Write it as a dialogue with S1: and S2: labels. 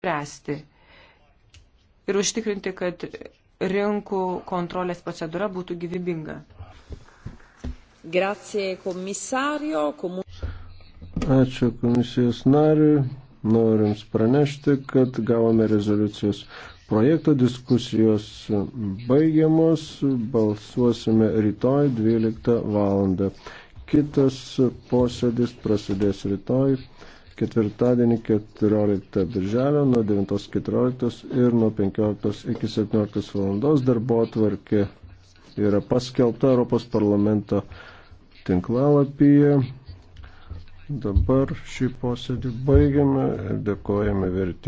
S1: spręsti ir užtikrinti, kad rinkų kontrolės
S2: procedūra būtų gyvybinga. Grazie, komisario. Komu...
S3: Ačiū komisijos nariui. Norims pranešti, kad gavome rezoliucijos projektą. Diskusijos baigiamos. Balsuosime rytoj 12 val. Kitas posėdis prasidės rytoj ketvirtadienį 14 birželio nuo 9.14 ir nuo 15 iki 17 valandos darbo tvarkė yra paskelbta Europos parlamento tinklalapyje. Dabar šį posėdį baigiame ir dėkojame vertėjai.